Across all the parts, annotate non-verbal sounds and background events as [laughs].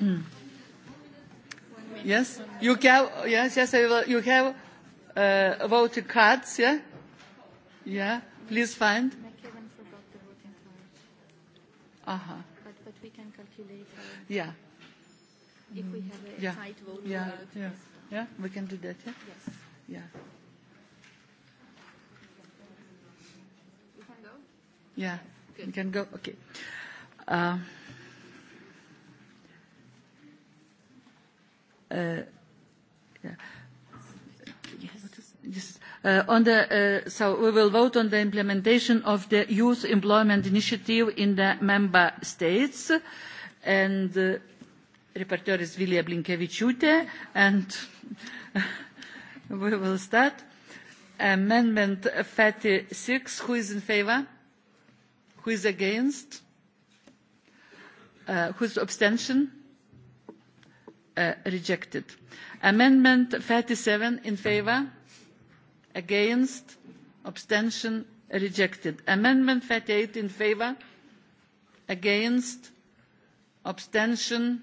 Mm. Yes, you have, yes, yes, I will, you have uh, voting cards, yeah? Yeah, please find. McEwan forgot the voting card. Uh-huh. But, but we can calculate. Uh, yeah. If we have a yeah. tight vote. Yeah, yeah, yeah, we can do that, yeah? Yes. Yeah. You can go? Yeah, Good. you can go, okay. Um, uh, Uh, yeah. Yes. Uh, on the, uh, so we will vote on the implementation of the Youth Employment Initiative in the member states. And uh, rapporteur is Vilija Blinkevičiūtė, and [laughs] we will start. Amendment 36, who is in favor? Who is against? Uh, who's abstention? uh, rejected. Amendment 37 in favor, against, abstention rejected. Amendment 38 in favor, against, abstention.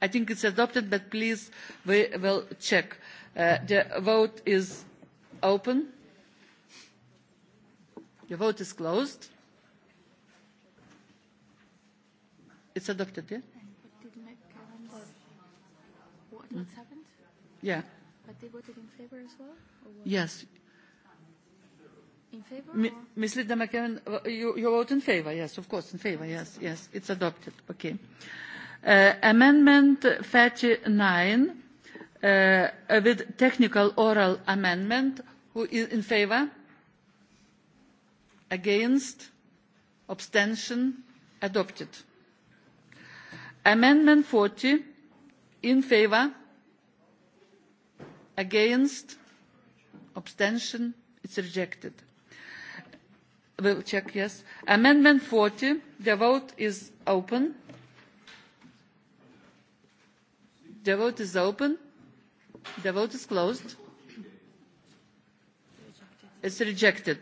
I think it's adopted, but please we will check. Uh, the vote is open. The vote is closed. It's adopted, yeah? What, what's mm. happened? Yeah. But they voted in favor as well? Or what? Yes. In favor? M- or? Ms. Linda McKeown, uh, you, you vote in favor, yes, of course, in favor, yes, yes, it's adopted. Okay. Uh, amendment 39 uh, with technical oral amendment. Who is in favor? Against? Abstention? Adopted. Amendment 40 in favour against abstention it's rejected we'll check yes amendment 40 the vote is open the vote is open the vote is closed it's rejected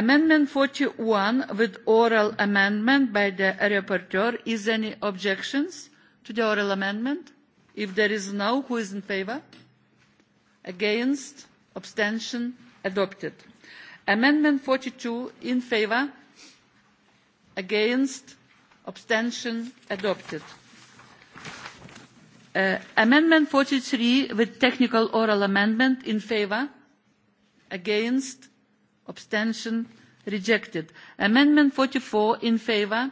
amendment forty one with oral amendment by the rapporteur is there any objections? to the oral amendment? if there is no who is in favour? against abstention adopted. amendment forty two in favour against abstention adopted. Uh, amendment forty three with technical oral amendment in favour against abstention rejected. amendment forty four in favour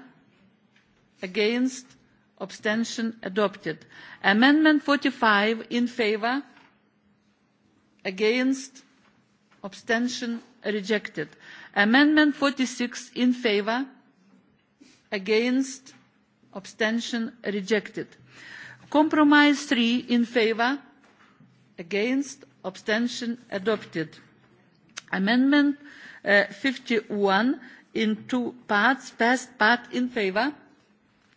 against abstention adopted amendment forty five in favour against abstention rejected amendment forty six in favour against abstention rejected compromise three in favour against abstention adopted amendment fifty uh, one in two parts first part in favour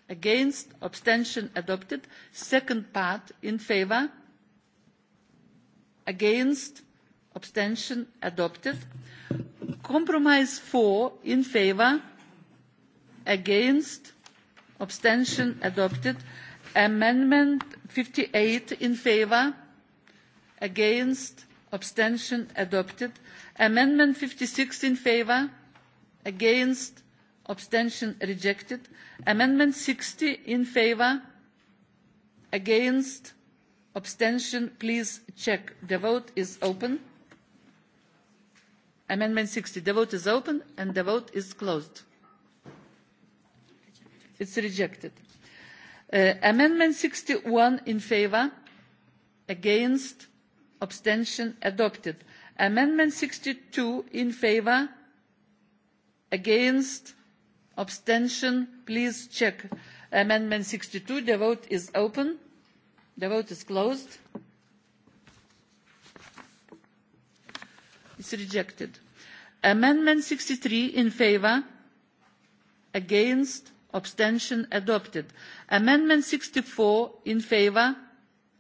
against abstention adopted second part in favour against abstention adopted compromise four in favour against abstention adopted amendment fifty eight in favour against abstention adopted amendment fifty six in favour against abstention rejected amendment sixty in favour against abstention please check the vote is open amendment sixty the vote is open and the vote is closed it's rejected uh, amendment sixty one in favour against abstention adopted amendment sixty two in favour against abstention please check amendment sixty two the vote is open the vote is closed it's rejected amendment sixty three in favour against abstention adopted amendment sixty four in favour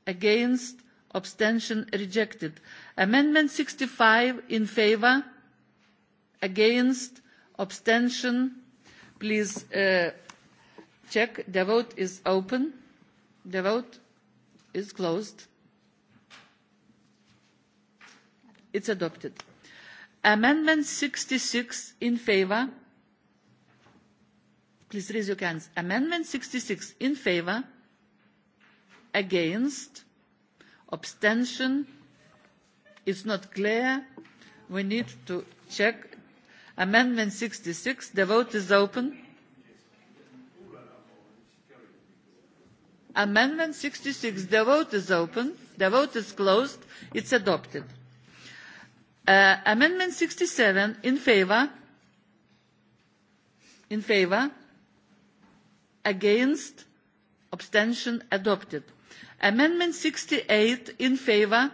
against abstention rejected amendment sixty five in favour against abstention Please uh, check. The vote is open. The vote is closed. It's adopted. Amendment 66 in favor. Please raise your hands. Amendment 66 in favor. Against. Abstention. It's not clear. We need to check amendment sixty six the vote is open amendment sixty six the vote is open the vote is closed it's adopted uh, amendment sixty seven in favor in favor against abstention adopted amendment sixty eight in favor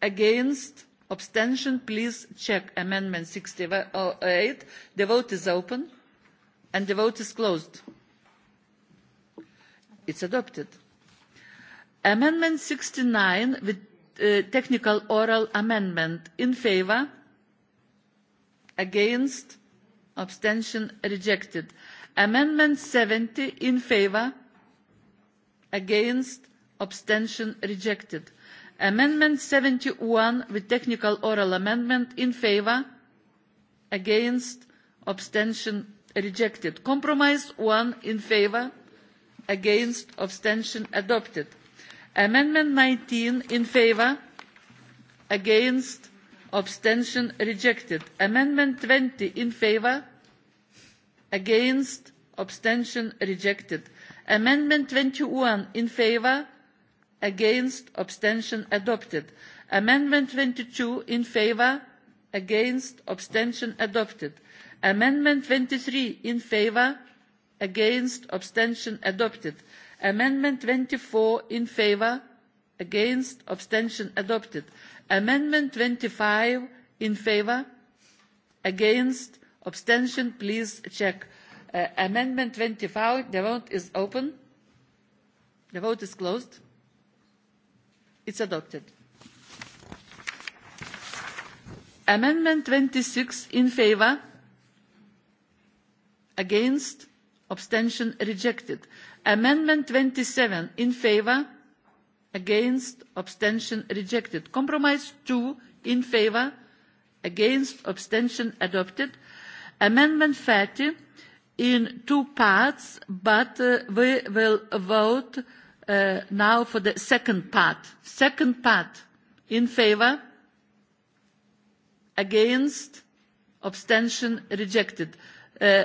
against abstention please check amendment sixty eight the vote is open and the vote is closed it's adopted amendment sixty nine with uh, technical oral amendment in favour against abstention rejected amendment seventy in favour against abstention rejected amendment seventy one with technical oral amendment in favour against abstention rejected compromise one in favour against abstention adopted amendment nineteen in favour against abstention rejected amendment twenty in favour against abstention rejected amendment twenty one in favour against abstention adopted amendment twenty two in favour against abstention adopted amendment twenty three in favour against abstention adopted amendment twenty four in favour against abstention adopted amendment twenty five in favour against abstention please check uh, amendment twenty five the vote is open the vote is closed It's adopted. Amendment 26 in favor, against, abstention rejected. Amendment 27 in favor, against, abstention rejected. Compromise 2 in favor, against, abstention adopted. Amendment 30 in two parts, but uh, we will vote uh, now for the second part. Second part, in favor, against, abstention, rejected. Uh,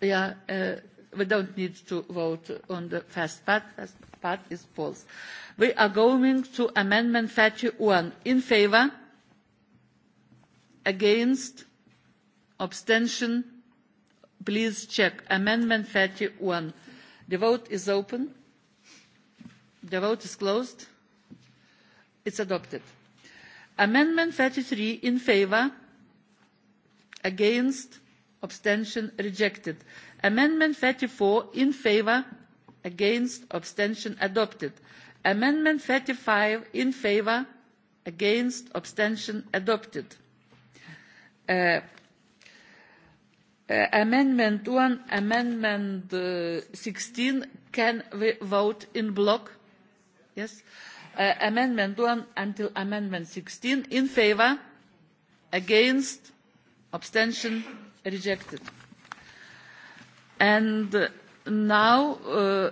yeah, uh, we don't need to vote on the first part. First part is false. We are going to amendment 31. In favor, against, abstention, please check. Amendment 31. Uh, the vote is open the vote is closed it is adopted. amendment thirty three in favour against abstention rejected. amendment thirty four in favour against abstention adopted. amendment thirty five in favour against abstention adopted. Uh, Uh, amendment one amendment uh, sixteen can we vote in block? yes. Uh, amendment one until amendment sixteen in favour against abstention rejected. and now uh,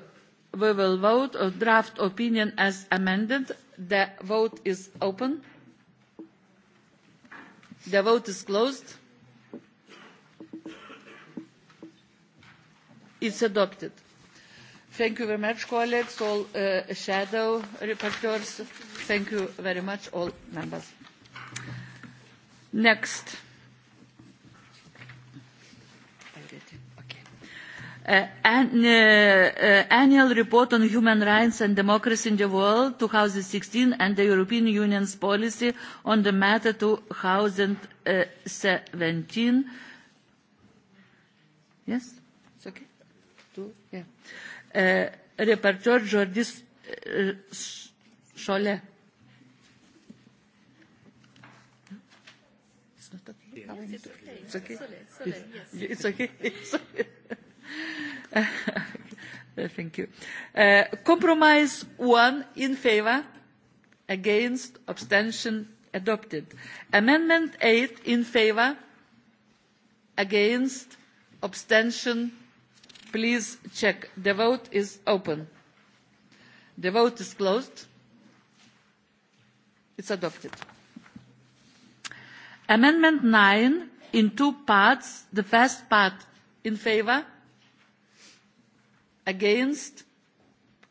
we will vote on draft opinion as amended. the vote is open. the vote is closed. is adopted. Thank you very much, colleagues, all uh, shadow reporters. Thank you very much, all members. Next. Uh, an, uh, uh, annual report on human rights and democracy in the world 2016 and the European Union's policy on the matter 2017. Yes? two, yeah. Uh, Repertor Jordis uh, e, Scholle. It's not okay. How I need to... It's okay. Sole, Sole, yes. It's okay. It's okay. Thank you. Uh, compromise one in favour, against, abstention adopted. Amendment eight in favour, against, abstention please check the vote is open the vote is closed it's adopted amendment nine in two parts the first part in favour against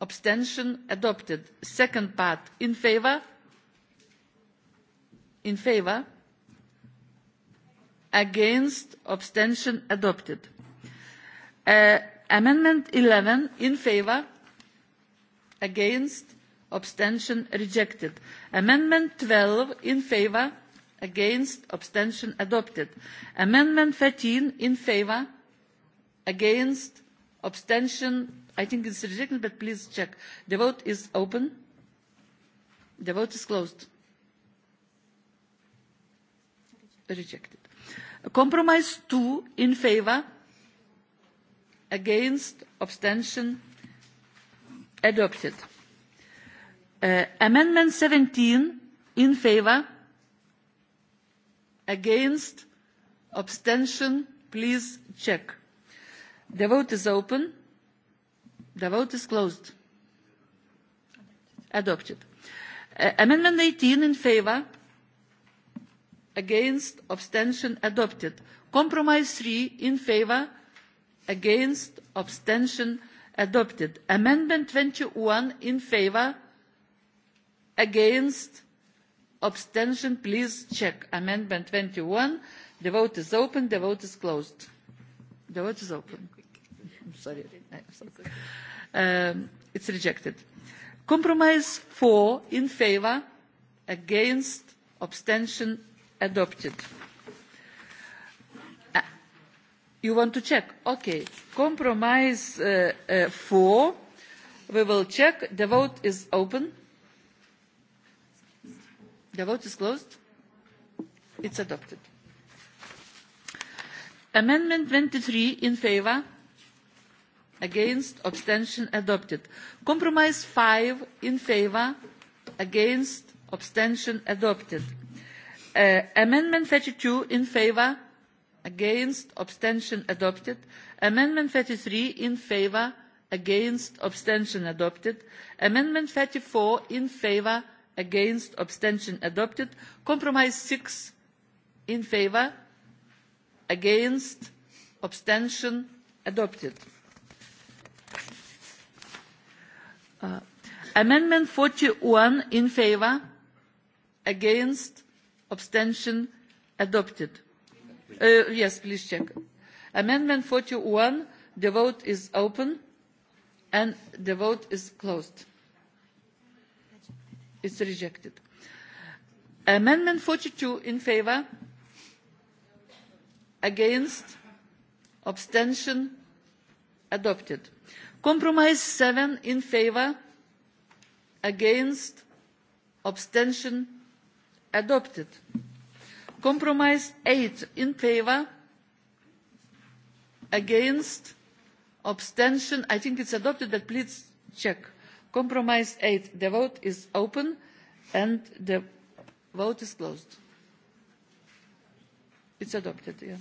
abstention adopted second part in favour in favour against abstention adopted Uh, amendment eleven in favour against abstention rejected. amendment twelve in favour against abstention adopted. amendment thirteen in favour against abstention i think it is rejected but please check. the vote is open. the vote is closed. rejected. compromise two in favour against abstention adopted uh, amendment 17 in favor against abstention please check the vote is open the vote is closed adopted uh, amendment 18 in favor against abstention adopted compromise 3 in favor against abstention adopted amendment twenty one in favour against abstention please check amendment twenty one the vote is open the vote is closed the vote is open I'm sorry um, it's rejected compromise four in favour against abstention adopted you want to check? okay. compromise uh, uh, four we will check. the vote is open. the vote is closed. it's adopted. amendment twenty three in favour against abstention adopted. compromise five in favour against abstention adopted. Uh, amendment thirty two in favour against abstention adopted amendment thirty three in favour against abstention adopted amendment thirty four in favour against abstention adopted compromise six in favour against abstention adopted uh, amendment forty one in favour against abstention adopted uh, yes please check amendment forty one the vote is open and the vote is closed it's rejected amendment forty two in favour against abstention adopted compromise seven in favour against abstention adopted compromise eight in favour against abstention i think it is adopted but please check compromise eight the vote is open and the vote is closed it is adopted yeah.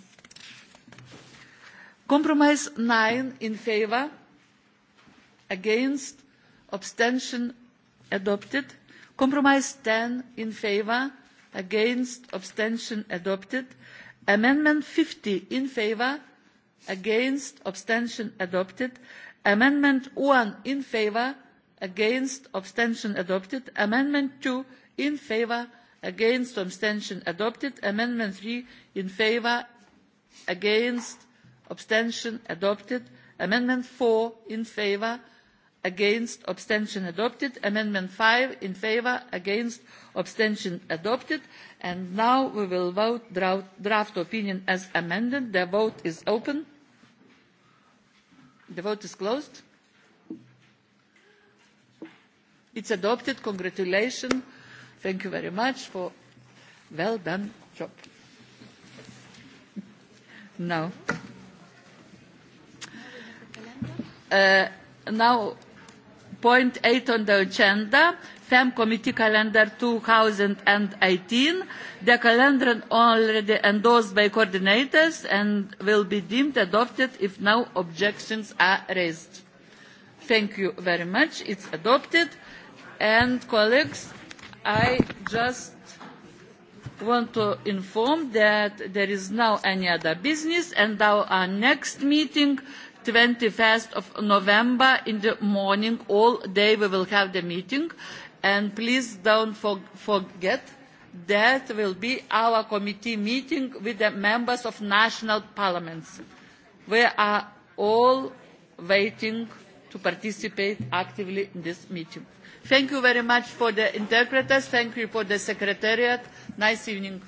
compromise nine in favour against abstention adopted compromise ten in favour against abstention adopted amendment fifty in favour against abstention adopted amendment one in favour against abstention adopted amendment two in favour against abstention adopted amendment three in favour against abstention adopted amendment four in favour against abstention adopted amendment five in favour against abstention adopted and now we will vote draft, draft opinion as amended the vote is open the vote is closed it's adopted congratulations thank you very much for well done job [laughs] now uh, now point eight on the agenda femm committee calendar two thousand and eighteen the calendar already endorsed by coordinators and will be deemed adopted if no objections are raised. thank you very much it is adopted and colleagues i just want to inform that there is now any other business and our next meeting 21st of November in the morning, all day we will have the meeting. And please don't for, forget that will be our committee meeting with the members of national parliaments. We are all waiting to participate actively in this meeting. Thank you very much for the interpreters. Thank you for the secretariat. Nice evening.